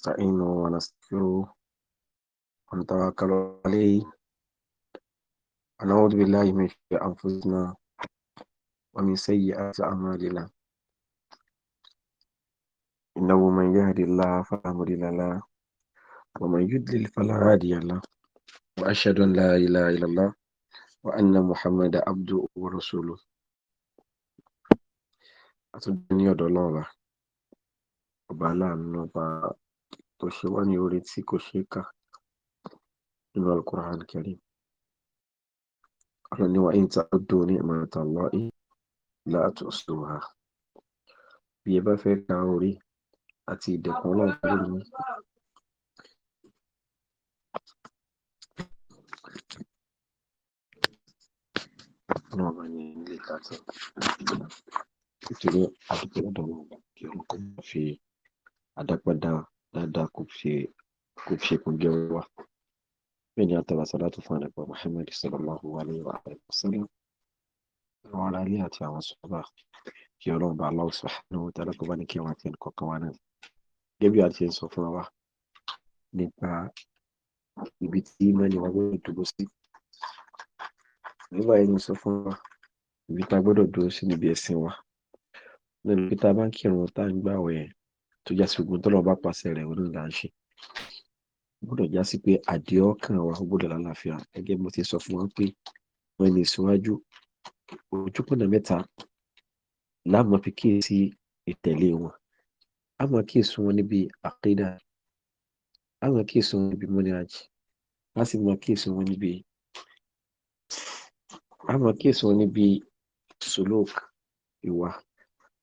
ونستعينه ونستغفره ونتوكل عليه ونعوذ بالله من شر أنفسنا ومن سيئات أعمالنا إنه من يهد الله فلا مضل له ومن يضلل فلا هادي له وأشهد أن لا إله إلا الله وأن محمدا عبده ورسوله أتدني أدعو الله ọba aláàánú tó ṣe wá ní oore tí kò ṣeé kà nínú alukur'an karim ọlọ́ni wa in ta'uddu ni'mata Allahi la tuhsuha bí ẹ bá fẹ́ ka orí àti ìdẹ̀kùn ọlọ́run lórí yín náà bá ní ilé kàtó nítorí àdúgbò ọ̀dọ́ wọn kí wọn kọ́ fi àdápadà ládàá kò fi kò fi kò gẹ wá bẹ́ẹ̀ ni àtàrà sàlátù fún àdàpọ̀ Muhammad sallallahu alayhi wa sallam àwọn ará ilé àti àwọn sọ́ba kí ọlọ́run bá Allah subhanahu wa ta'ala kó bá ní kí wọn àti ẹnì kọ̀ọ̀kan wa náà gẹ́gẹ́ bí a ti ń sọ fún wa nípa ibi tí mẹ́ni wa gbọ́dọ̀ dúró sí nígbà yẹn sọ fún wa ibi tá a gbọ́dọ̀ dúró sí níbi ẹ̀sìn wa níbi tá a bá ń kírun tá a ń gbààwẹ̀ tó já sí gbogbo tọ́lọ́ bá pàṣẹ rẹ̀ ó náà là ń ṣe gbọ́dọ̀ já sí pé àdìẹ ọkàn wa ó gbọ́dọ̀ lálàáfíà gẹ́gẹ́ mo ti sọ fún wa pé wọn ní ìsíwájú ojúpọ̀nà mẹ́ta láàmú fi kíyèsí ìtẹ̀lé wọn a máa kíyèsí wọn níbi àkídà a máa kíyèsí wọn níbi mọ́nìyàjì a sì máa kíyèsí wọn níbi a máa kíyèsí wọn níbi sùlúùkù ìwà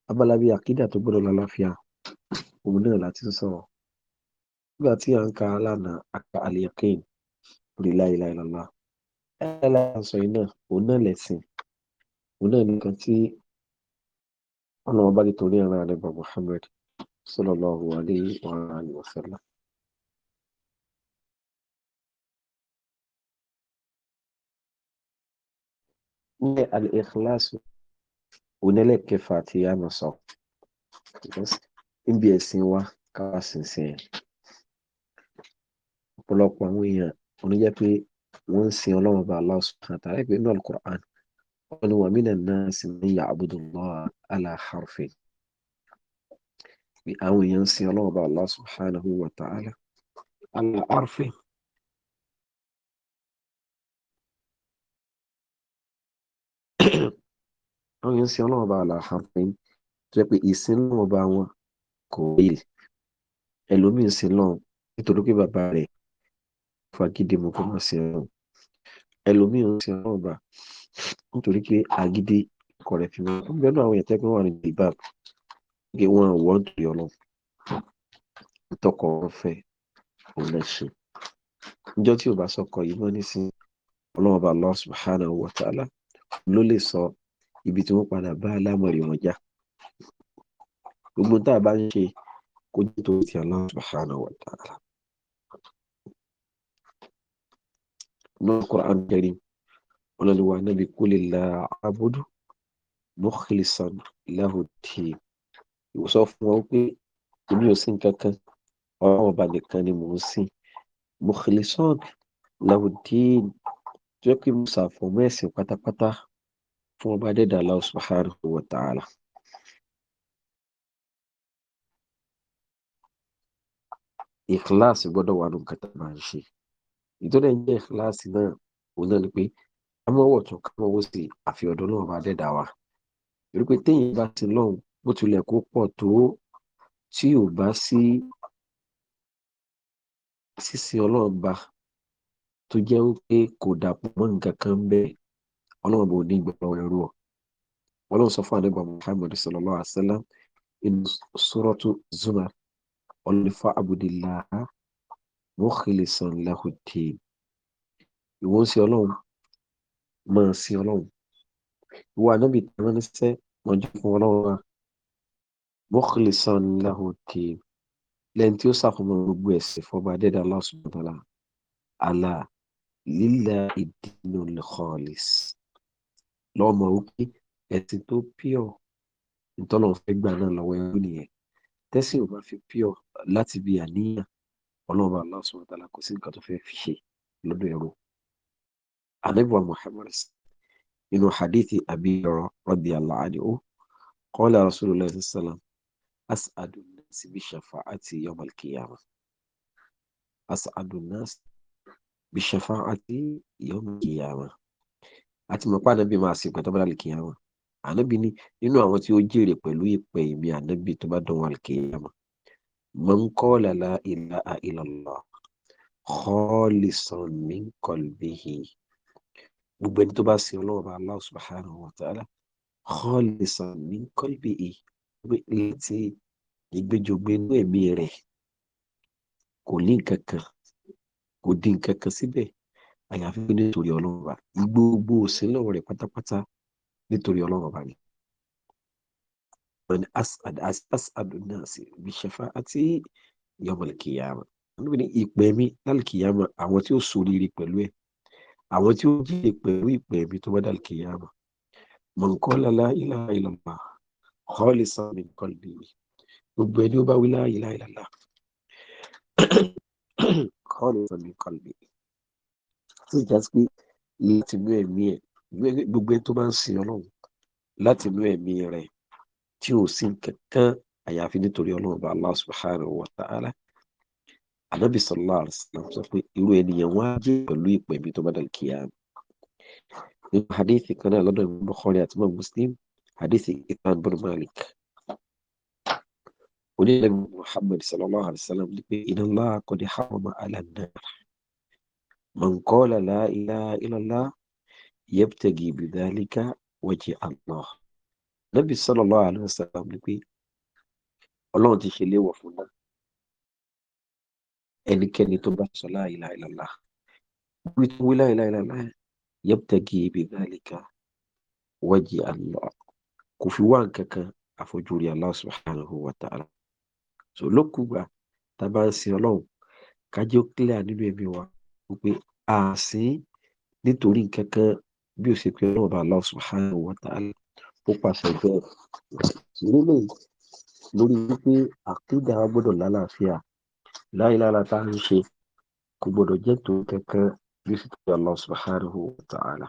abala bíi tó gbọ́dọ̀ lálàáfíà òun náà láti ń sọ̀rọ̀ nígbà tí à ń ka lánàá àka àlèkèn lórí láìláì lọ́la láìláì sọ iná òun náà lẹ̀sìn òun náà nìkan tí ọlọ́run bá lè torí ara rẹ̀ bá Muhammad sallallahu alaihi wa alihi wa ní al-ikhlas onílẹ̀ kẹfà tí a sọ níbi ẹ̀sìn wa káwà sínsìn ẹ̀ ọ̀pọ̀lọpọ̀ àwọn èèyàn oníjẹ́ pé wọ́n ń sin ọlọ́run bá Allah subhanahu wa ta'ala pé inú al-Qur'an wọn ni wa minan nasi man ya'budu Allah ala harfin àwọn èèyàn ń sin ọlọ́run bá Allah subhanahu wa ta'ala ala harfin. àwọn èèyàn ń sin ọlọ́run bá Allah harfin tó pé ìsìn ọlọ́run bá wọn kò yìí ẹlòmíín sí náà nítorí pé bàbá rẹ̀ fagídí mu kó má sí náà ẹlòmíín sí náà bá nítorí pé agídí kọ̀ rẹ̀ fi máa ń bẹ́ẹ̀ àwọn èèyàn tẹ́gbọ́n wà nínú ìbá pé wọ́n wọ́n dùn yọ lọ tọkọ wọn fẹ́ òun náà ṣe níjọ́ tí o bá sọkọ yìí mọ́ nísìnyí ọlọ́run bá Allah subhanahu wa ta'ala ló lè sọ ibi tí wọ́n padà bá alámọ̀rí wọn já gbogbo tá a bá ń ṣe kó jẹ́ torí ti Allah subhanahu wa ta'ala. nínú Qur'an Karim ọlọ́lùwà nábì qulillah a'budu mukhlisan lahu ddin ìwòsàn fún wọn pé èmi ò sí nǹkan kan ọlọ́run ọba nìkan ni mò ń sìn mukhlisan lahu ddin tó yẹ kí mo ṣàfọ̀mọ́ ẹ̀sìn pátápátá fún ọba dẹ́dà Allah subhanahu wa ta'ala. ìkíláàsì gbọ́dọ̀ wà nù kàtà máa ń ṣe ìtọ́lẹ̀ ń jẹ́ ìkíláàsì náà òun náà ni pé ká mọ́ wọ̀ tún ká mọ́ wọ́ sí àfi ọ̀dọ̀ náà bá dẹ́dà wa torí pé téèyàn bá ti lọ́hùn bó tilẹ̀ kó pọ̀ tó tí ò bá sí sísìn ọlọ́run ba tó jẹ́ wípé kò dàpọ̀ mọ́ nǹkan kan bẹ́ẹ̀ ọlọ́run bò ní ìgbàlọ́ ẹrú ọ ọlọ́run sọ fún àdébà Muhammad sallallahu alaihi wasallam inú suratu Zumar ọlọ́ni fa'budillaha mukhlisan lahud-din ìwọ ń sin ọlọ́run máa sin ọlọ́run ìwọ ànábì tí wọ́n níṣẹ́ mọ̀jú fún ọlọ́run wa mukhlisan lahud-din lẹ́yìn tí ó sàfọmọ́ gbogbo ẹ̀sìn fọba adẹ́dà Allah subhanahu wa ta'ala àlà lillahi dinul khalis lọ́mọ wípé ẹ̀sìn tó pure ìtọ́nà fẹ́ gbà náà lọ́wọ́ ẹrú nìyẹn tẹ́sìn ò bá fi pure láti bí àníyàn ọlọ́run Allah subhanahu wa ta'ala kò sí nǹkan tó fẹ́ fi ṣe lọ́dọ̀ ẹ̀rọ. àdébọ̀ Muhammad inú hadithi àbí ọ̀rọ̀ radiyallahu anhu qala rasulullah sallallahu alaihi wasallam as'adu an-nasi bi shafa'ati yawm al-qiyamah as'adu an-nasi bi shafa'ati yawm al-qiyamah àti mọ̀pá náà máa ṣe ìgbàdọ́bọ̀dá lè kíyàmá ànábì ní nínú àwọn tí ó jèrè pẹ̀lú ìpè ìmí ànábì tó bá dán alkiyama man qala la ilaha illallah khalisan min qalbihi gbogbo ẹni tó bá sin ọlọ́run bá Allah subhanahu wa ta'ala khalisan min qalbihi láti ìgbéjọgbé inú ẹ̀mí rẹ̀ kò ní nǹkan kan kò dín nǹkan kan síbẹ̀ àyàfi nítorí ọlọ́run wa gbogbo òsínlọ́wọ́ rẹ̀ pátápátá nítorí ọlọ́run ọba ni wọn ni asad nurse bishafa àti yọmọlẹ kìyàmà wọn ni ìpè mi lálùkìyàmà àwọn tí ó ṣoríire pẹ̀lú ẹ̀ àwọn tí ó jíire pẹ̀lú ìpè mi tó bá dálùkìyàmà mọ̀nkọ́lá láìlá ìlọ́mà họ́ọ̀lì sàmì kọ́lì mi gbogbo ẹni ó bá wí láìlá ìlàlá họ́ọ̀lì sàmì kọ́lì mi tó jà sí pé láti inú ẹ̀mí ẹ̀ gbogbo ẹni tó bá ń sin ọlọ́run láti inú ẹ̀mí rẹ̀ tí ò sí kankan àyàfi nítorí ọlọ́run bá Allah subhanahu wa ta'ala anabi sallallahu alaihi wasallam sọ pé irú ènìyàn wọn á pẹ̀lú ìpè mi tó bá dàn kíá nínú hadithi kan náà lọ́dọ̀ ìmọ̀ Bukhari àti mọ̀ Muslim hadithi itan bin Malik onílẹ̀ Muhammad sallallahu alaihi ní pé inna Allah qad harrama ala an-nar man qala la ilaha illa Allah yẹ́bùtẹ̀gì bìdálíkà wọ́jì Allah. Nabi sallallahu alaihi wasallam ní pé ọlọ́run ti ṣe léwọ̀ fún náà. Ẹnikẹ́ni tó bá sọ la ilaha illallah. Wí tó wí la ilaha illallah yẹ́bùtẹ̀gì bìdálíkà wọ́jì Allah. Kò fi wá nǹkan kan àfojúrí Allah subhanahu wa ta'ala. So lókùgbà tá a bá ń sin ọlọ́run kájọ́ clear nínú ẹ̀mí wa wípé àásín nítorí nǹkan kan bí ó ṣe pé ọlọ́run bá Allah subhanahu wa ta'ala ó pàṣẹ bẹ́ẹ̀ lélẹ̀ lórí wípé àkídà gbọ́dọ̀ lálàáfíà láìlára tá a ń ṣe kò gbọ́dọ̀ jẹ́ tó kankan bí ó ṣe pé Allah subhanahu wa ta'ala.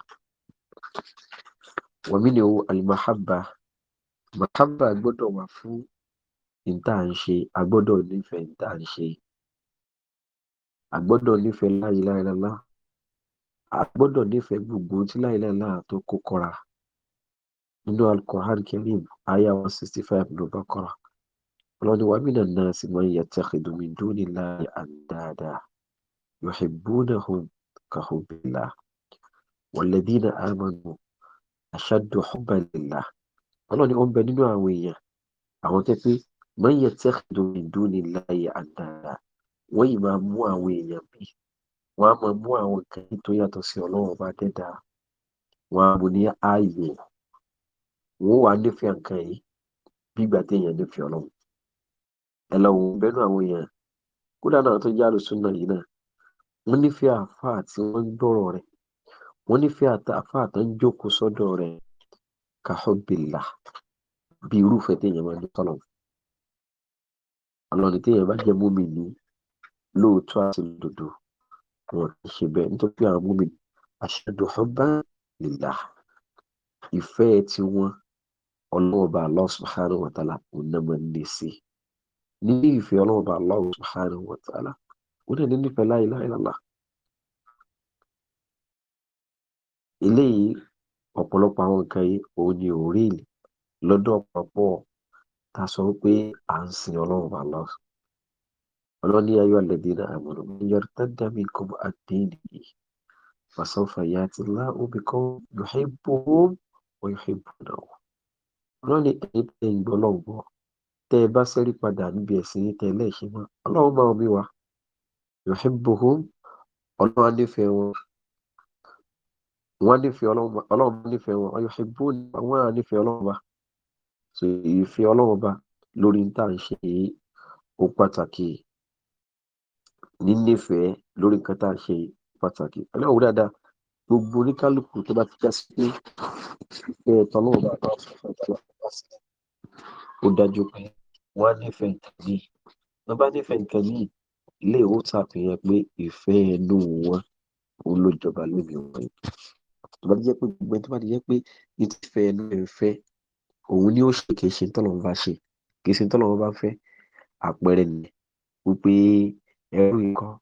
wàmínú alimahabba mahabba gbọ́dọ̀ wà fún ìta à ń ṣe a nífẹ̀ẹ́ ìta à ń ṣe a gbọ́dọ̀ nífẹ̀ẹ́ láìlára a gbọ́dọ̀ nífẹ̀ẹ́ gbogbo tí láìláìlá tó kó kọ́ra nínú alukóhán kẹrin àyà one sixty five ló bá kọ́ra ọlọ́ni wa mí nàá náà sì máa ń yàtọ̀ ìdòmídó ní láàyè àdáadá yuhibbunahum kahubbillah walladhina amanu ashaddu hubban lillah ọlọ́ni ó ń bẹ nínú àwọn èèyàn àwọn tẹ́ pé máa ń yàtọ̀ ìdòmídó ní láàyè àdáadá wọ́n yìí máa mú àwọn èèyàn bíi wọ́n a bụ mú àwọn nǹkan tó yàtọ̀ sí ọlọ́run bá dẹ́dà wọn a mú ní ààyè wọ́n wà nífẹ̀ẹ́ nǹkan yìí bí ìgbà téèyàn nífẹ̀ẹ́ ọlọ́run ẹ lọ́wọ́ bẹ́nu àwọn èèyàn kódà náà tó jáde súnà yìí náà wọ́n nífẹ̀ẹ́ tí ń nífẹ̀ẹ́ tó ń jókòó sọ́dọ̀ bí irúfẹ́ máa ń ní bá jẹ́ wọn ò ṣe bẹ́ẹ̀ nítorí pé àwọn mùmínì ashaddu hubban lillah ìfẹ́ tí wọ́n ọlọ́ọ̀bà Allah subhanahu wa ta'ala onímọ̀ ní sí níbi ìfẹ́ ọlọ́ọ̀bà Allah subhanahu wa ta'ala ó dẹ̀ nínú ìfẹ́ la ilaha illallah. eléyìí ọ̀pọ̀lọpọ̀ àwọn nǹkan yìí òun ni ò rí lọ́dọ̀ ọ̀pọ̀pọ̀ tá sọ pé à ń sin ọlọ́ọ̀bà Allah ọlọ́ni ayọ́ alẹ́dínà àmọ̀ràn yọ̀rọ̀tàdà mi kò mọ àdéhìí fàṣọfà yà ti lá omi kan yòóhé bòó wọ́n yòóhé bòó náà ọlọ́ni ẹ̀yìn tẹ̀ ń gbọ́ lọ́wọ́ gbọ́ tẹ́ ẹ bá sẹ́rí padà níbi ẹ̀sìn yìí tẹ́ ẹ lẹ́ẹ̀ṣẹ̀ mọ́ ọlọ́run máa omi wa yòóhé bòó ọlọ́run á nífẹ̀ẹ́ wọn wọ́n nífẹ̀ẹ́ ọlọ́run nífẹ̀ẹ́ wọn ọyọ̀ṣẹ́ bóòlù àwọn àá nífẹ̀ẹ́ ọlọ́run bá so ìfẹ́ ọlọ́run bá lórí ní tá à ń ṣe ó pàtàkì nínífẹ̀ẹ́ lórí nǹkan tá à ń ṣe pàtàkì ẹlẹ́wọ̀n wò dáadáa gbogbo oníkálukú tó bá ti já sí pé ìfẹ́ ẹ̀tọ́ lọ́wọ́ bá bá ọ̀sán ìtàlá bá sí ó dájú pé wọ́n á nífẹ̀ẹ́ nǹkan yìí wọ́n bá nífẹ̀ẹ́ nǹkan yìí ilé ìwò ṣàfihàn pé ìfẹ́ ẹnu wọn ó ló jọba lóbi wọn yìí tó bá ti jẹ́ pé gbogbo ẹni tó bá ti jẹ́ pé ìfẹ́ ẹnu ẹ̀ fẹ́ òun ni ó ṣe kì í ṣe tọ́lọ́run bá ṣe kì í ṣe tọ́lọ́run bá fẹ́ àpẹẹrẹ nìyẹn wípé ẹrú nǹkan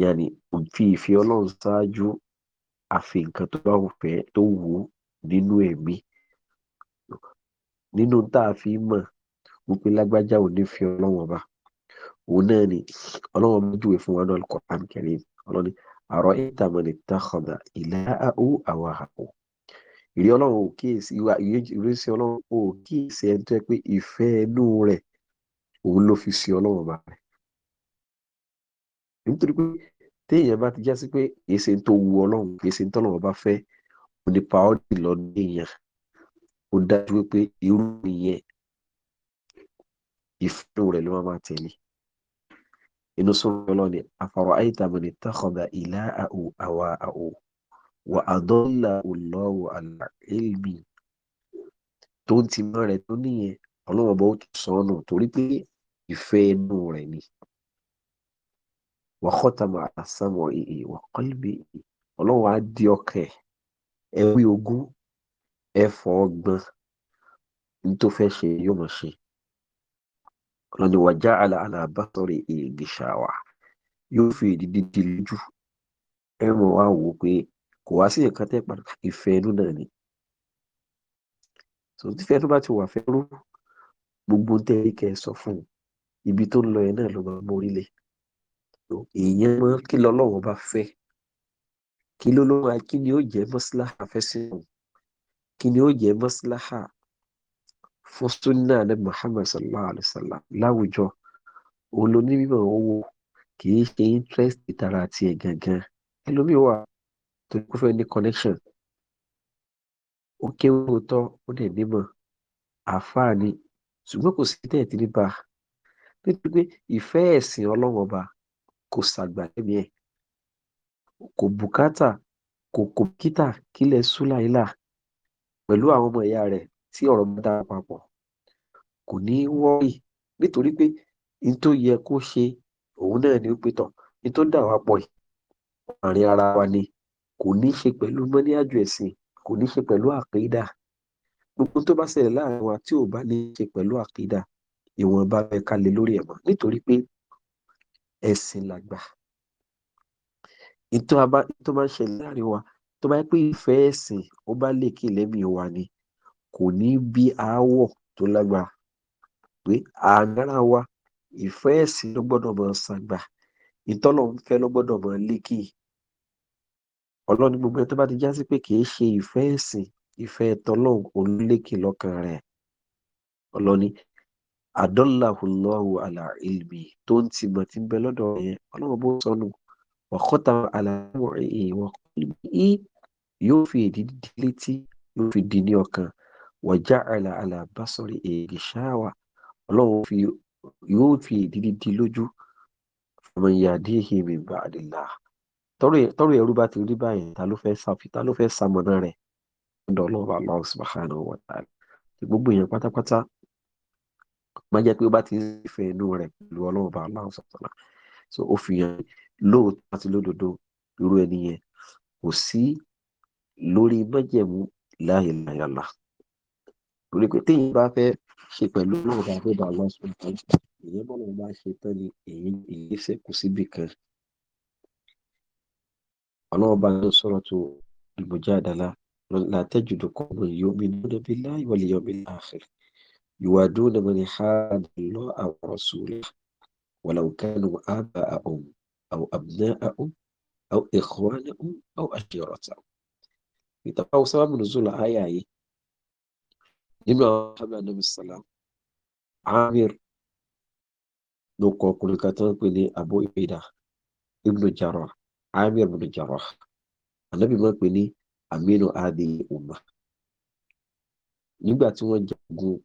yàní fi ìfẹ́ ọlọ́run ṣáájú àfi nǹkan tó bá wù fẹ́ tó wù ú nínú ẹ̀mí nínú tá a fi mọ̀ wípé lágbájá ò ní fi ọlọ́run ọba òun náà ni ọlọ́run ọba júwe fún wa náà Al-Qur'an Karim ọlọ́ni àrọ ìtàmọ̀lẹ̀ tàkọ̀dà ìlà àhó àwọn àhó ìrí ọlọ́run ò kíyèsí ìwà ìrísí ọlọ́run ò kíyèsí ẹni tó yẹ pé ìfẹ́ inú rẹ̀ òun ló fi sí ọlọ́run ọba rẹ̀ nítorí pé téèyàn bá ti já sí pé kìí ṣe tó wu ọlọ́run kìí ṣe tọ́lọ́run bá fẹ́ ó ní paọ́ọ̀dì lọ́dún èèyàn ó dájú pé irú nìyẹn ìfẹ́ rẹ̀ ló máa tẹ̀lé inú sọ̀rọ̀ lọ ni àfàrọ̀ àìtàbọ̀ ni tàkọ̀dà ìlà àwò àwà àwò wà àdọ́là òlọ́wọ̀ àlà èlmì tó ń ti mọ́ rẹ̀ tó níyẹn ọlọ́wọ́ bá ó tún sọnù torí pé ìfẹ́ inú rẹ̀ ni wàhọ́tàmà àsámọ̀ ìhì wàkọ́lùbí ìhì ọlọ́run wàá di ọkàn ẹ̀ ẹ wí ogún ẹ fọ ọgbọ́n ní tó fẹ́ ṣe yóò mọ̀ ṣe ọlọ́ni wàjá àlàálà bátọ̀rẹ̀ ìgbìṣàwà yóò fi ìdídí di lójú ẹ mọ̀ wá wò pé kò wá sí nǹkan tẹ́ padà ìfẹ́ inú náà ni tòun tí fẹ́ẹ́ tó bá ti wà fẹ́ rú gbogbo ń tẹ́lẹ̀ kẹ́ sọ fún ibi tó ń lọ yẹn náà ló máa mórí lé èèyàn máa kí lọ́lọ́run bá fẹ́ kí ló lọ́wọ́ kí ni ó jẹ́ mọ́síláhà fẹ́sìnù kí ni ó jẹ́ mọ́síláhà fún ní Muhammad sallallahu alayhi wa sallam láwùjọ olónímọ̀ owó kì í ṣe interest ìtara àti ẹ̀ gangan ẹlòmíì wà tó kó fẹ́ ní connection ó kéwòn tọ́ ó dẹ̀ nímọ̀ àfáà ni ṣùgbọ́n kò sí tẹ̀ tí ní bá nítorí pé ìfẹ́ ẹ̀sìn ọlọ́wọ́ bá kò sàgbà lẹ́bi ẹ̀ kò bùkátà kò kò kíta kílẹ̀ súláìlà pẹ̀lú àwọn ọmọ ìyá rẹ̀ tí ọ̀rọ̀ bá dára papọ̀ kò ní wọ́ọ̀rì nítorí pé n tó yẹ kó ṣe òun náà ni ó pé tán n tó dà wá pọ̀ yìí àárín ara wa ni kò ní ṣe pẹ̀lú mọ́níájú ẹ̀sìn kò ní ṣe pẹ̀lú àkídà gbogbo tó bá ṣẹlẹ̀ láàrin wa tí ò bá ní ṣe pẹ̀lú àkídà ìwọ̀nba ẹ̀ka lè lórí ẹ̀mọ́ nítorí pé ẹ̀sìn làgbà ìtọ́ bá ń ṣẹlẹ̀ láàrin wa tó bá yẹ pé ìfẹ́ ẹ̀sìn ó bá lè kí lẹ́mìí wa ni kò ní bí aáwọ̀ tó lágbára pé àgbára wa ìfẹ́ ẹ̀sìn ló gbọ́dọ̀ mọ̀ ṣàgbà ìtọ́lọ̀ ń fẹ́ ló gbọ́dọ̀ mọ̀ lékì ọlọ́ni gbogbo ẹ̀ tó bá ti já sí pé kì í ṣe ìfẹ́ ẹ̀sìn ìfẹ́ ẹ̀tọ́lọ́hùn olólékè lọ́kàn rẹ̀ ọlọ́ni adọ́láhùnlọ́hù aláìlmi tó ń ti mọ̀ tí ń bẹ lọ́dọ̀ yẹn ọlọ́run bó sọnù wàkọ́tà aláwọ̀ èyí wàkọ́lùmí yóò fi èdè dídí létí yóò fi di ní ọkàn wàjá àlà àlàbásọ̀rì èdè ṣáwà ọlọ́run yóò fi èdè dídí lójú ọmọ ìhìnmí bàdìlà tọrọ ẹrú bá ti rí báyìí ta ló fẹ́ ta ló fẹ́ ṣamọ̀nà rẹ̀ ọ̀dọ̀ ọlọ́run bá lọ́wọ́ má jẹ́ pé ó bá ti ń fẹ́ inú rẹ̀ pẹ̀lú ọlọ́run bá aláwọ̀ sọ̀tọ̀lá so ó fi hàn lóòótọ́ àti lódodo irú ẹni yẹn kò sí lórí májẹ̀mú láàyè láyàlá lórí pé téèyàn bá fẹ́ ṣe pẹ̀lú náà bá fẹ́ bá lọ sùn tán èyí bọ́lá bá ṣe tán ni èyí èyí sẹ́kù síbì kan ọlọ́run bá ní sọ̀rọ̀ tó ìbòjá àdàlà látẹ́jú dùkọ́ yóò mi lọ́dọ̀ bí láì wọlé yọ̀ يوادون من حاد الله ورسوله ولو كانوا آباءهم أو أبناءهم أو إخوانهم أو عشيرتهم ìtàpá sábàbù nùzùl àyà yìí nínú àwọn sábà nàbì sàlám amir ló kọ ọkùnrin kan tó ń pè ní abu ibida ibnu jarrah amir ibnu jarrah ànábì máa ń pè ní aminu adi umma nígbà tí wọ́n jagun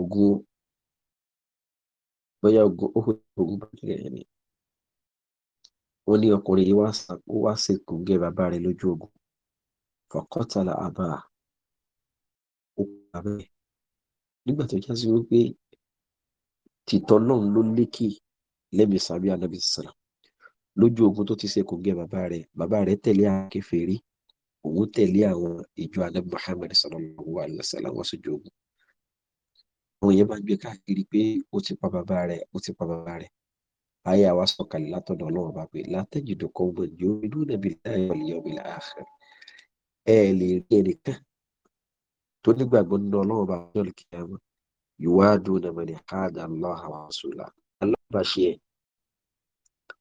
ogun bóyá ogun ó ogun bá kẹ̀kẹ́ ni ó ní ọkùnrin yìí ó wá sèkú gé bàbá rẹ̀ lójú ogun fọkọtàlà àbá ó pa bẹ́ẹ̀ nígbà tó jásí wípé tìtọ́ náà ló lékè lẹ́mìí sàbí anábì sàlà lójú ogun tó ti sèkú gé bàbá rẹ̀ bàbá rẹ̀ tẹ̀lé àwọn kèfèrí òun tẹ̀lé àwọn ìjọ anábì Muhammad sallallahu alaihi wasallam wọ́n sì jogun àwọn èèyàn máa ń gbé káàkiri pé ó ti pa bàbá rẹ̀ ó ti pa bàbá rẹ̀ àyà wa sọ̀kalẹ̀ látọ̀dọ̀ ọlọ́run ọba pé látẹ̀jùdọ̀ kan gbọ̀n yóò rí lónà bíi láyọ̀ ọ̀lẹ́yọ̀ bíi láàárẹ̀ ẹ lè rí ẹnìkan tó nígbàgbọ́ nínú ọlọ́run ọba ọjọ́ kìíyàmọ́ ìwádùn náà mẹ́rin káàdà lọ́hà wà sùlá alábàṣe ẹ̀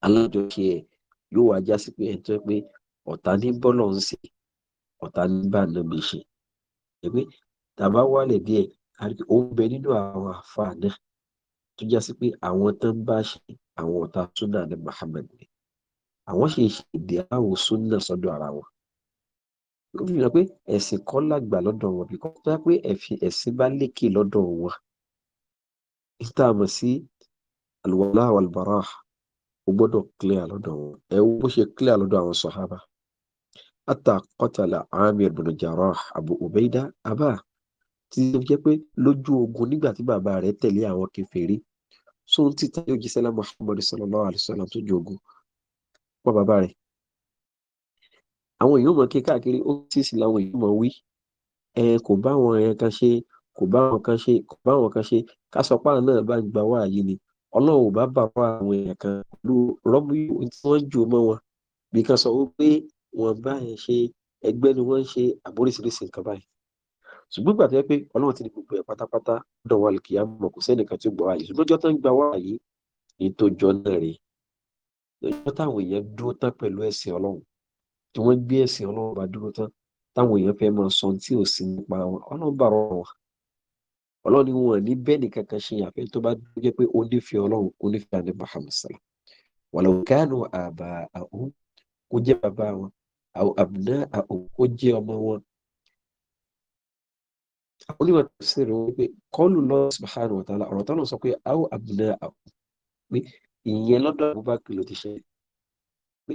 alájọṣe ẹ̀ yóò wá já sí pé ẹ̀ tó pé ọ̀tá ní bọ́lọ̀ ń ṣe ọ̀tá ní bá nàbẹ̀ ṣe ẹ̀ pé tàbá wálẹ̀ díẹ̀ àti ó ń bẹ nínú àwọn àfa náà tó já sí pé àwọn tó ń bá ṣe àwọn ọ̀tá súnà ní Muhammad ni àwọn ṣe ìṣèdè àwọn súnà sọ́dọ̀ ara wọn ó fi hàn pé ẹ̀sìn kọ́ làgbà lọ́dọ̀ wọn bí kọ́ tó yá pé ẹ̀sìn bá lékè lọ́dọ̀ wọn níta mọ̀ sí alwala walbara ó gbọ́dọ̀ clear lọ́dọ̀ wọn ẹ wo bó ṣe clear lọ́dọ̀ àwọn sọ̀hábà ata amir bin jarrah abu ubaida abba tí ó jẹ́ pé lójú ogun nígbà tí bàbá rẹ̀ tẹ̀lé àwọn kèfèrí sóun títà yóò jí sẹ́lá Muhammad sallallahu alaihi wasallam tó ju ogun pọ̀ bàbá rẹ̀ àwọn èèyàn mọ̀ kí káàkiri ó sì sì làwọn èèyàn mọ̀ wí kò bá wọn ẹ kan ṣe kò bá wọn kan ṣe kò bá wọn kan ṣe kásọpá náà bá gba wáàyè ni ọlọ́run ò bá bá wá àwọn èèyàn kan pẹ̀lú rọ́bù tí wọ́n jù mọ́ wọn bí kan sọ wípé wọn bá yẹn ṣe ẹgbẹ́ ni wọ́n ń ṣe àbóríṣiríṣi nǹkan báyìí ṣùgbọ́n gbà tó yẹ pé ọlọ́run ti ní gbogbo ẹ̀ pátápátá dọ̀wọ́ àlùkìyà mọ̀ kò sẹ́nìkan tí ó gbọ́ ààyè ṣùgbọ́n jọ́tán gba wá ààyè ní tó jọ náà rèé ìjọ táwọn èèyàn dúró tán pẹ̀lú ẹ̀sìn ọlọ́run tí wọ́n gbé ẹ̀sìn ọlọ́run bá dúró tán táwọn èèyàn fẹ́ máa sọ tí ò sí nípa wọn ọlọ́run bá rọrùn wọn ọlọ́run ni wọn ní bẹ́ẹ̀ ni kankan ṣe àfẹ́ tó bá dúró jẹ́ pé ó nífẹ̀ẹ́ ọlọ́run ó nífẹ̀ẹ́ àní Muhammad sàlá walau kanu àbà àhún kó jẹ́ bàbá wọn àbùdá àhún kó jẹ́ ọmọ wọn onímọ̀ tafsir wípé kọ́lù lọ́wọ́ subhanahu wa ta'ala ọ̀rọ̀ tọ́nà sọ pé àwọn àbùnà àwọn pé ìyẹn lọ́dọ̀ Abubakar ló ti ṣe pé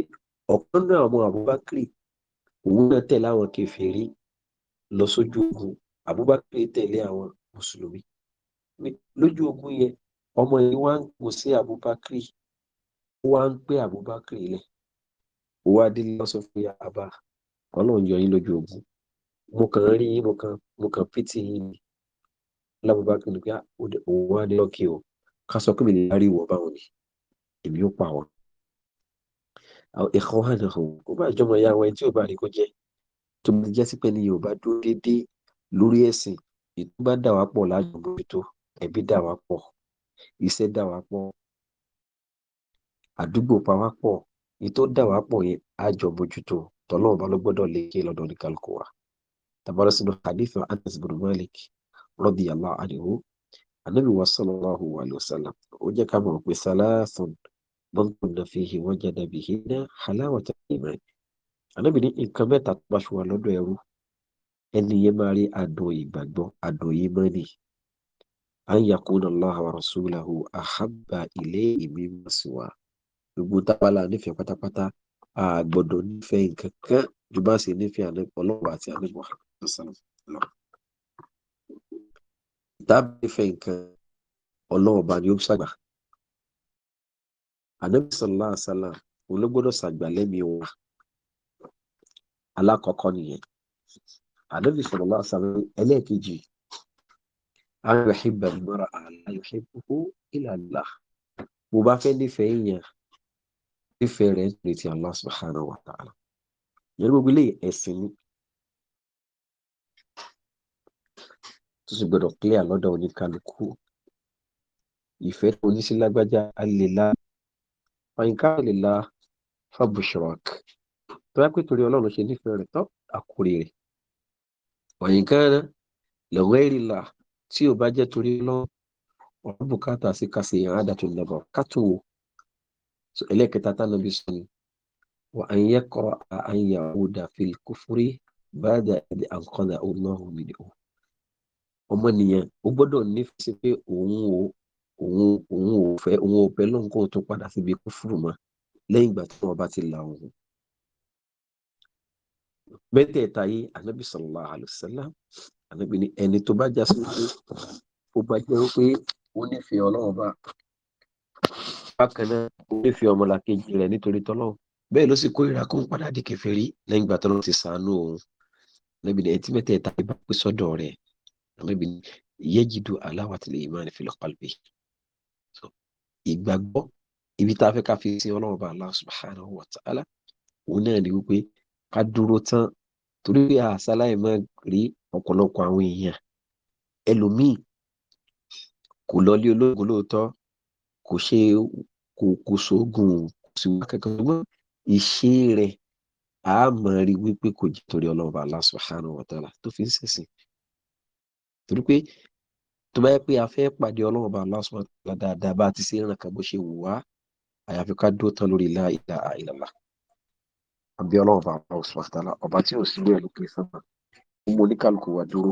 ọ̀kan náà ọmọ Abubakar òun náà tẹ̀lé àwọn kèfèrí lọ sójú ogun Abubakar tẹ̀lé àwọn mùsùlùmí lójú ogun yẹn ọmọ yìí wá ń kò sí Abubakar ó wá ń pé Abubakar lẹ̀ ó wá délé àbá ọlọ́run yọ yín lójú ogun mo kàn rí yín mo kàn mo kàn pítì yín ni lábúbá kan ní pé òun ah, wá ní lọ́kì o ká sọ pé mi lè rí ìwọ báwọn ni èmi ó pa wọn. ẹ̀kọ́ hàn náà ó bá jọmọ ìyá wọn tí ò bá rí kó jẹ́ tó bá jẹ́ sí pé ní Yorùbá dúró déédéé lórí ẹ̀sìn ìtú bá dà wá pọ̀ láàjọ bójútó ẹbí dà wá pọ̀ iṣẹ́ dà wá pọ̀ àdúgbò pa wá pọ̀ ní tó dà wá pọ̀ yẹn àjọ bójútó tọ́lọ́ọ̀bá ló gbọ́dọ̀ lékè lọ́dọ̀ ní kálukú wa tabarasinu hadithu anas bin malik radiyallahu anhu anabi wa sallallahu alayhi wa sallam ó jẹ́ ká mọ̀ pé salasun man kunna fihi wajada bihina halawata iman anabi ní nǹkan mẹ́ta tó bá ṣùwà lọ́dọ̀ ẹrú ẹni yẹn máa rí adùn ìgbàgbọ́ adùn ìmánì an yakuna allah wa rasulahu ahabba ilayhi mimma siwa gbogbo tábàlà nífẹ̀ẹ́ pátápátá a gbọ́dọ̀ nífẹ̀ẹ́ nǹkan kan jù bá ṣe nífẹ̀ẹ́ ọlọ́run àti àlejò àná sọ̀rọ̀ lọ. dábìí fẹ́ nǹkan ọlọ́ọ̀ba ni ó ṣàgbà ànábì sọ̀rọ̀ láàṣálà ológbọ́dọ̀ ṣàgbà lẹ́mìí wa alákọ̀ọ́kọ́ nìyẹn ànábì sọ̀rọ̀ láàṣálà ẹlẹ́ẹ̀kejì ayọ̀ ṣìbẹ̀ mọ́ra àlàyé ṣẹ́kọ̀ọ́ ìlàlá mo bá fẹ́ nífẹ̀ẹ́ yẹn nífẹ̀ẹ́ rẹ̀ ń retí Allah subhanahu wa ta'ala. Yorùbá gbélé ẹ̀sìn ni tó sì gbọdọ̀ clear lọ́dọ̀ oníkálukú ìfẹ́ tó ní sí lágbájá alèlá ọ̀yìnká alèlá fabushrak tó yá pé torí ọlọ́run ṣe nífẹ̀ẹ́ rẹ̀ tán àkórè rẹ̀ ọ̀yìnká lọ́wọ́ ìrìlà tí ò bá jẹ́ torí ọlọ́run ọ̀rọ̀ bùkátà sí kásì ìrànádà tó lọ́bọ̀ kátó ẹlẹ́kẹta tánàbí sọ ni wà á yẹ kọ́ àyàwó dàfil kúfúrí bá dà ẹ̀dẹ̀ àǹkọ́dà ọlọ́run nìyẹn ọmọnìyàn ó gbọ́dọ̀ nífẹ̀ẹ́ sí pé òun ò òun òun ò fẹ́ òun ò fẹ́ lóun kó tún padà síbi kó fúrù mọ́ lẹ́yìn ìgbà tí wọ́n bá ti la òun. mẹ́tẹ̀ẹ̀ta yìí anábì sallallahu alaihi wasallam anábì ni ẹni tó bá já sí pé ó bá jẹ́ pé ó nífẹ̀ẹ́ ọlọ́run bá bákan náà ó nífẹ̀ẹ́ ọmọlàkejì rẹ̀ nítorí tọ́lọ́run bẹ́ẹ̀ ló sì kórìíra kó ń padà di kèfèrí lẹ́yìn ìgbà tọ́lọ́run ti ṣàánú òun anábì ní ẹtí yẹ́jìdù aláwàtìlẹ̀ ìmáàní fi lọ́pàlùbí. ìgbàgbọ́ ibi tá a fẹ́ ká fi sin ọlọ́run bá Allah subhanahu wa ta'ala òun náà ni wípé ká dúró tán torí àṣàláì máa rí ọ̀pọ̀lọpọ̀ àwọn èèyàn ẹlòmíì kò lọlé ológun lóòótọ́ kò ṣe kò kò sóògùn kò sì wá kankan ṣùgbọ́n ìṣe rẹ̀ a máa rí wípé kò jẹ́ torí ọlọ́run bá Allah subhanahu wa ta'ala tó fi ń ṣẹ̀sìn torí pé tó bá yẹ pé a fẹ́ pàdé ọlọ́run bá aláṣọ àtàlà dáadáa bá a ti ṣe é ràn kà bó ṣe wù wá àyàfi ká dúró tán lórí ilá ìlà àìlàlà àbí ọlọ́run bá aláṣọ àtàlà ọba tí ò sí wẹ̀ lókè sábà ó mú oníkàlùkù wá dúró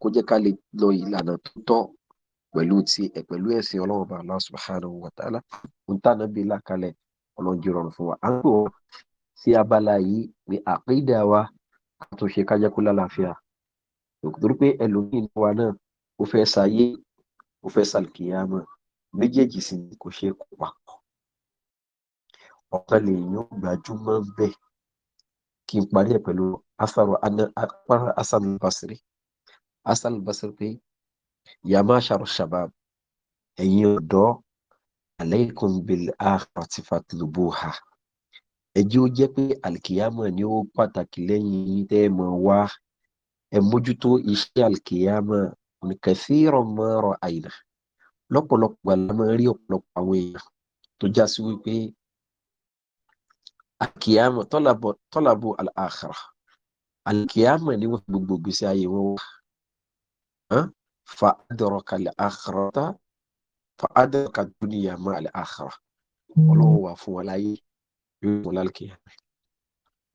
kó jẹ́ ká lè lọ ìlànà tó tọ́ pẹ̀lú ti ẹ̀ pẹ̀lú ẹ̀sìn ọlọ́run bá aláṣọ àtàlà ń tànà bí làkàlẹ̀ ọlọ́run jẹ́ nítorí pé ẹlòmíì ní wa náà ó fẹ́ ṣayé ó fẹ́ ṣàlùkìyàmọ̀ méjèèjì sì ni kò ṣe kó papọ̀ ọ̀kan lèèyàn gbajúmọ̀ bẹ́ẹ̀ kí n parí ẹ̀ pẹ̀lú asaro asan basiri asan basiri pé yàmá ṣàrò shabab ẹ̀yin ọ̀dọ́ aleikum bil akhirati fatlubuha ẹjẹ́ ó jẹ́ pé alkiyama ni ó pàtàkì lẹ́yìn tẹ́ ẹ mọ̀ wá ẹ̀mójútó iṣẹ́ alkiyama nìkẹ́sìrọ̀ mọ́rọ̀ àyìnà lọ́pọ̀lọpọ̀ la máa rí ọ̀pọ̀lọpọ̀ àwọn èèyàn tó já sí wípé alkiyama tọ́làbọ̀ al-akhirah alkiyama ni wọ́n fi gbogbo gbèsè ayé wọn wá fa adraka al-akhirata fa adraka ad-dunya ma al-akhirah ọlọ́wọ́ wà fún wa láyé yóò wọ́n lálùkìyàmẹ́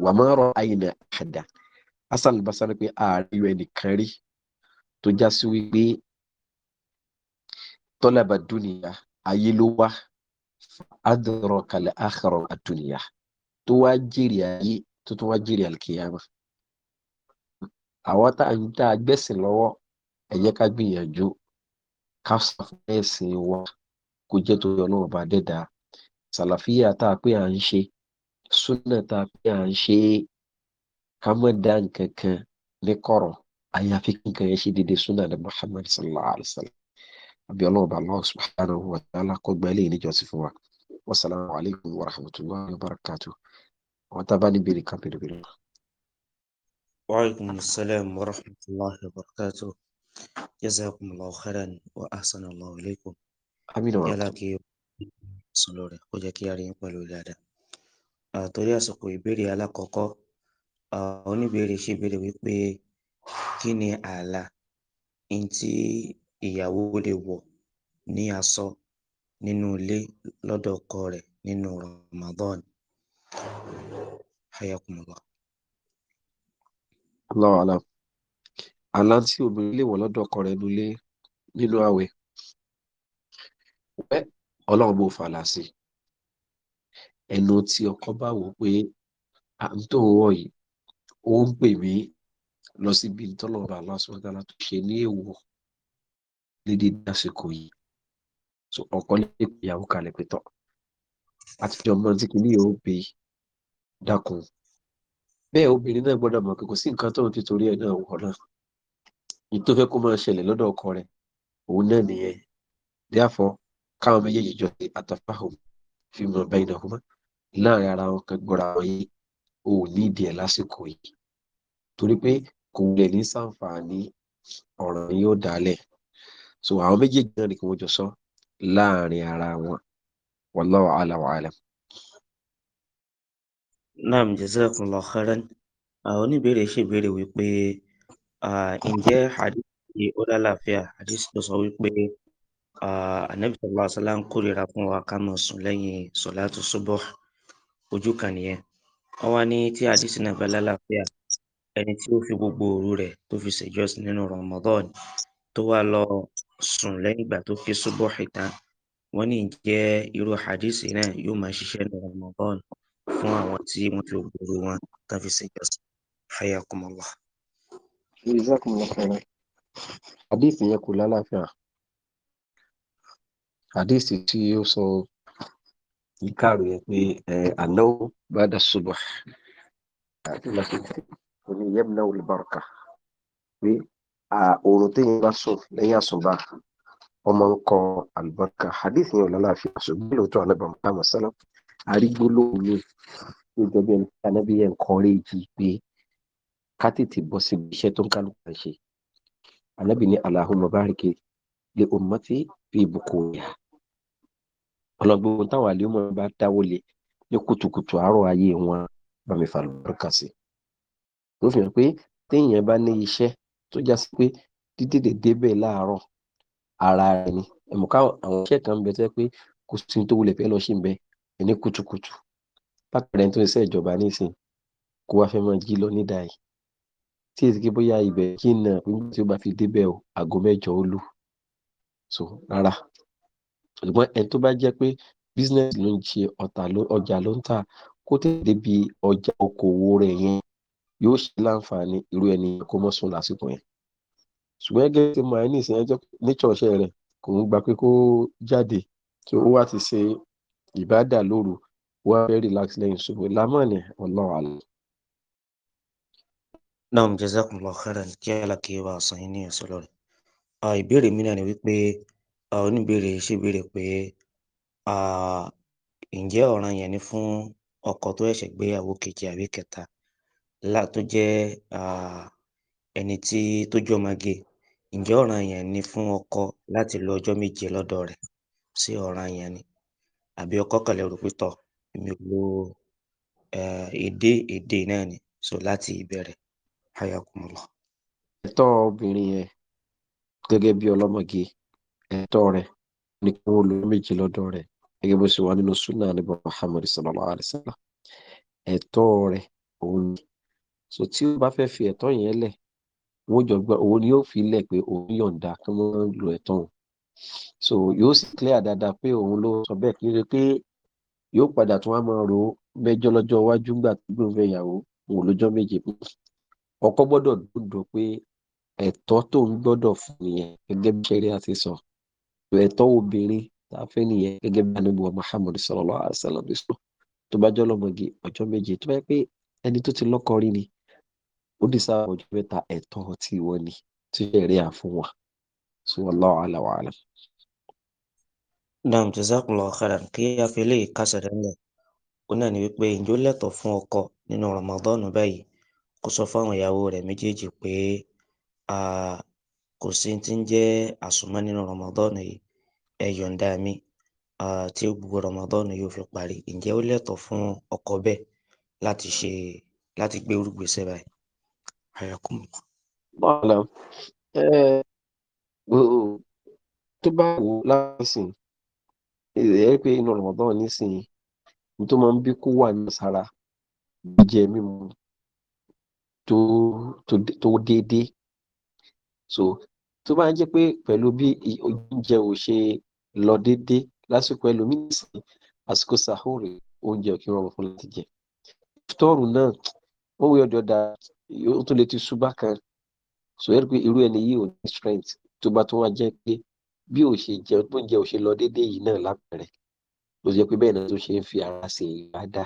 wà mọ́rọ̀ àyìnà àdá Hasan al-Basri pé ààrẹ yọ ẹnìkan rí tó já sí wípé tọ́lábà dúnìyà ayé ló wá adọ̀rọ̀ kalẹ̀ àkàrọ̀ àdúnìyà tó wá jèrè ayé tó tún wá jèrè àlùkìyàmà àwọn tá a gbẹ̀sìn lọ́wọ́ ẹ ká gbìyànjú ká ṣàfẹ́sìn wa kó jẹ́ tó yọ náà bá dẹ́dà sàlàfíà tá pé à ń ṣe súnà tá pé à ń ṣe ká má dá nǹkan kan ní kọ̀rọ̀ àyàfi kí nǹkan yẹn ṣe dédé súnà ní Muhammad sallallahu alayhi wa sallam àbí ọlọ́ọ̀bà Allah subhanahu wa ta'ala kó gba eléyìí níjọ sí fún wa wasalaamu alaykum wa rahmatulahi wa barakatuh àwọn tá a bá ní bèrè kan bèrè bèrè. wa alaykum salaam wa rahmatulahi wa barakatuh jazakum allah khairan wa ahsan allah ilaykum. amina wa yàrá kí sọlọ rẹ kó jẹ kí a rí yín pẹ̀lú dáadáa àtòrí àsìkò ìbéèrè alákọ̀ọ́kọ́. oníbéèrè ṣe béèrè wípé kí ni ààlà n tí ìyàwó lè wọ̀ ní aṣọ nínú ilé lọ́dọ̀ ọkọ rẹ̀ nínú Ramadan. Hayakumullah. Allahu alam. Ààlà tí obìnrin lè wọ̀ lọ́dọ̀ ọkọ rẹ̀ nílé nínú àwẹ̀. Wẹ́ ọlọ́run bó fàlà sí. Ẹnu tí ọkọ bá wò pé à ń tó wọ̀ yìí ó ń pè mí lọ síbi tọ́lọ́ba aláṣọ́tàlá tó ṣe ní èèwọ̀ lédè dásìkò yìí so ọkọ lè pe ìyàwó kalẹ̀ pé tán àtijọ́ ọmọ tí kìíní yóò pe dákun bẹ́ẹ̀ obìnrin náà gbọ́dọ̀ mọ̀ pé kò sí nǹkan tóun ti torí ẹ̀ náà wọ̀ náà ní tó fẹ́ kó máa ṣẹlẹ̀ lọ́dọ̀ ọkọ rẹ̀ òun náà nìyẹn therefore káwọn méjèèjì jọ ṣe àtàfáhùn fi mọ̀ bẹ́ẹ̀ náà láàrin ara wọn kan gbọ́ra wọn yìí òun ní ìdí ẹ̀ lásìkò yìí torí pé kò lè ní sàǹfààní ọ̀ràn yóò dálẹ̀ so àwọn méjèèjì náà ni kí wọ́n jọ sọ láàrin ara wọn wallahu ala wa alam. naam jazakallahu khairan àwọn oníbèrè ṣèbéèrè wípé ǹjẹ́ àdìsí ó lálàáfíà àdìsí tó sọ wípé anabi sallallahu alaihi ń kórìíra fún wa ká máa sùn lẹ́yìn sọ̀látù subuh ojú kan nìyẹn wọ́n wá ní tí àdìsí náà bá lálàáfíà ẹni tí ó fi gbogbo òru rẹ̀ tó fi ṣèjọ́sìn nínú Ramadan tó wá lọ sùn lẹ́yìn ìgbà tó ké subuhi tán wọ́n ní jẹ́ irú hadisi náà yóò máa ṣiṣẹ́ ní Ramadan fún àwọn tí wọ́n fi gbogbo òru wọn tó fi ṣèjọ́sìn hayakumullah. jazakumullah khairan hadisi yẹn kò lálàáfíà hadisi tí ó sọ ìkárò yẹn pé àná bá dà subuh ní yẹ́mìnà olùbáraka pé oòrùn téèyàn bá sùn lẹ́yìn àsùnbà ọmọ ń kọ àlùbáraka hadith yẹn ò lálàáfíà ṣùgbọ́n lóòótọ́ anábà muhammad salam arígbólóhùn ní ìjọba ẹni anábì yẹn kan rí jí pé ká tètè bọ́ síbi iṣẹ́ tó ń kálukú ẹ̀ ṣe anábì ní allahumma bariki li ummati fi bukuriha ọlọ́gbọ́n táwọn àlè ọmọ bá dáwọ́lé ní kùtùkùtù àárọ̀ ayé wọn bá mi fà lùbáraka sí ló fi hàn pé téèyàn bá ní iṣẹ́ tó já sí pé dídèdè débẹ̀ láàárọ̀ ara rẹ̀ ni ẹ̀mọ̀ káwọn àwọn iṣẹ́ kan ń bẹ tó yẹ pé kò sí tó wulẹ̀ fẹ́ lọ ṣì ń bẹ ní kùtùkùtù pápẹ́rẹ́ tó iṣẹ́ ìjọba nísìn kó wá fẹ́ máa jí lọ ní dàí tí èsì kí bóyá ibẹ̀ kí nà nígbà tí ó bá fi débẹ̀ o aago mẹ́jọ ó lù so rárá ṣùgbọ́n ẹni tó bá jẹ́ pé business ló ń ṣe ọjà ló ń tà kó tètè débi ọjà okòwò rẹ̀ yẹn yóò ṣe láǹfààní irú ẹni kó mọ́ sùn lásìkò yẹn ṣùgbọ́n gẹ́gẹ́ tí mo ní ìsìn ẹjọ́ nature ọ̀ṣẹ́ kò ń gba pé kó jáde tí ó wá ti ṣe ìbádà lóru wá fẹ́ relax lẹ́yìn ṣòro lámọ̀nì ọlọ́run àlọ́. naam jazakumullahu khairan kí alákè wa ọ̀sán yín ní ẹ̀sọ́ lọ́rẹ̀. ìbéèrè mi náà ni wípé oníbèrè ṣe béèrè pé ǹjẹ́ ọ̀ranyàn ni fún ọkọ tó ẹ̀ṣẹ̀ gbéyàwó kejì àbí kẹta lá tó jẹ́ um ẹni tí tó jẹ́ ọmọge ǹjẹ́ ọ̀ranyàn ni fún ọkọ láti lo ọjọ́ méje lọ́dọ̀ rẹ̀? Ṣé ọ̀ranyàn ni? Àbí ọkọ kàn lè rò pé tọ̀ èmi ò lo um èdé èdè náà ni so láti ìbẹ̀rẹ̀? Hayakumullah. Ẹ̀tọ́ obìnrin yẹn gẹ́gẹ́ bí ọlọ́mọge ẹ̀tọ́ rẹ̀ ni kí wọ́n lo méje lọ́dọ̀ rẹ̀ gẹ́gẹ́ bó ṣe wà nínú súnà Ànábì Muhammad sallallahu alaihi wasallam. Ẹ̀tọ́ rẹ̀ òun ni so tí ó bá fẹ́ fi ẹ̀tọ́ yẹn lẹ̀ wọ́n jọ gbọ́ òun yóò fi lẹ̀ pé òun yọ̀ǹda kí wọ́n lo ẹ̀tọ́ òun so yóò sì clear dáadáa pé òun ló sọ bẹ́ẹ̀ kí ni pé yóò padà tún wá máa ro mẹ́jọ lọ́jọ́ iwájú gbà tó gbóhùn fẹ́ ìyàwó òun lọ́jọ́ méje ọkọ gbọ́dọ̀ dúndùn pé ẹ̀tọ́ tó ń gbọ́dọ̀ fún nìyẹn gẹ́gẹ́ bí ṣẹlẹ̀ àti sọ ẹ̀tọ́ obìnrin tá a fẹ́ nìyẹn gẹ́gẹ́ bí anábìwọ Muhammad sallallahu alaihi wasallam tó bá jọ lọ́mọge ọjọ́ méje tó bá yẹ pé ẹni tó ti lọ́kọ rí ni ó dì sáà ọjọ́ mẹ́ta ẹ̀tọ́ tí wọ́n ní tí ẹ̀rí à fún wa sí wallahu a'lam wa a'lam. dam jazakumullahu khairan kí a fi lè kásẹ̀ rẹ̀ ńlẹ̀ ó náà ní wípé ìjó lẹ́tọ̀ fún ọkọ nínú Ramadan báyìí kó sọ fáwọn ìyàwó rẹ̀ méjèèjì pé kò sí ti ń jẹ́ àsùnmọ́ nínú Ramadan yìí ẹ yọ̀ǹda mi tí gbogbo Ramadan yóò fi parí ǹjẹ́ ó lẹ́tọ̀ fún ọkọ bẹ́ẹ̀ láti ṣe láti gbé irúgbésẹ̀ báyìí. حياكم الله الله tó bá wò ẹ pé inú Ramadan nísìnyí ní tó máa ń bí kó wà ní sára jíjẹ mímu tó tó déédéé so tó bá ń pé bí oúnjẹ ò ṣe lọ déédéé lásìkò ẹlòmíì nísìnyí àsìkò sahore oúnjẹ ò kí ń rọrùn fún láti jẹ tọrù náà ó wí yóò tún lè ti ṣubá kan so yẹ pé irú ẹni yìí ò ní strength tó bá tún wá jẹ pé bí ò ṣe jẹ tó ń jẹ ò ṣe lọ déédéé yìí náà lápẹẹrẹ ló jẹ pé bẹ́ẹ̀ náà tó ṣe ń fi ara ṣe ìyáda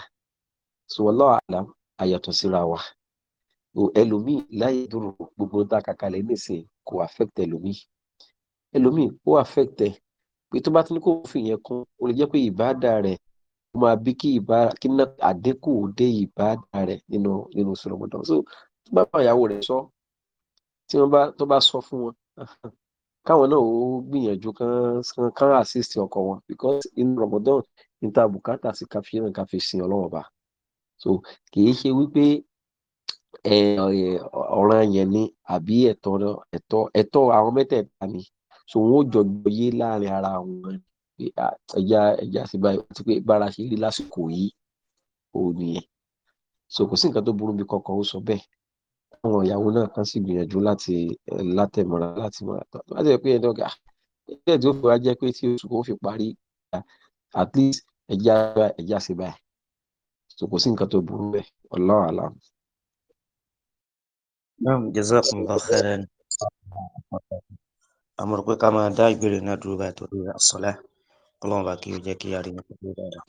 so wallahu alam àyàtọ̀ síra wa ẹlòmíì láyé dúró gbogbo tá a nísìn kò affect ẹlòmíì ẹlòmíì ó affect ẹ pé tó bá tún kó fi yẹn kún ó lè jẹ pé ìbáàdà rẹ ó máa bí kí ìbá kí ná àdínkù dé ìbáàdà rẹ nínú nínú sọlọmọdọ so tó bá bá ìyàwó rẹ̀ sọ tí wọ́n bá tó bá sọ fún wọn káwọn náà ó gbìyànjú kan kan assist ọkọ wọn because in Ramadan n ta bùkátà sí káfí náà káfí sin Ọlọ́run ọba so kì í ṣe wípé ọ̀ràn yẹn ni àbí ẹ̀tọ́ ẹ̀tọ́ ẹ̀tọ́ àwọn mẹ́tẹ̀ẹ̀ta ni so wọn ó jọjọ yé láàrin ara wọn ẹja ẹja sí báyìí àti pé bára ṣe rí lásìkò yìí òun nìyẹn so kò sí nǹkan tó burú bí kankan ó sọ bẹ́ẹ̀ àwọn ìyàwó náà kan sì gbìyànjú láti látẹ̀mọ́ra láti mọ́ra tó bá jẹ́ pé ẹni ọ̀gá ẹgbẹ́ tí ó fura jẹ́ pé tí oṣù kò fi parí at least ẹja ẹja ṣe báyìí so kò sí nǹkan tó burú bẹ́ẹ̀ Allahu a'lam. naam jazakumullahu khairan àmọ́ rò pé ká máa dá ìbéèrè náà dúró báyìí torí àṣọlá ọlọ́run bá kí ó jẹ́ kí a rí nípa ìbéèrè rẹ̀.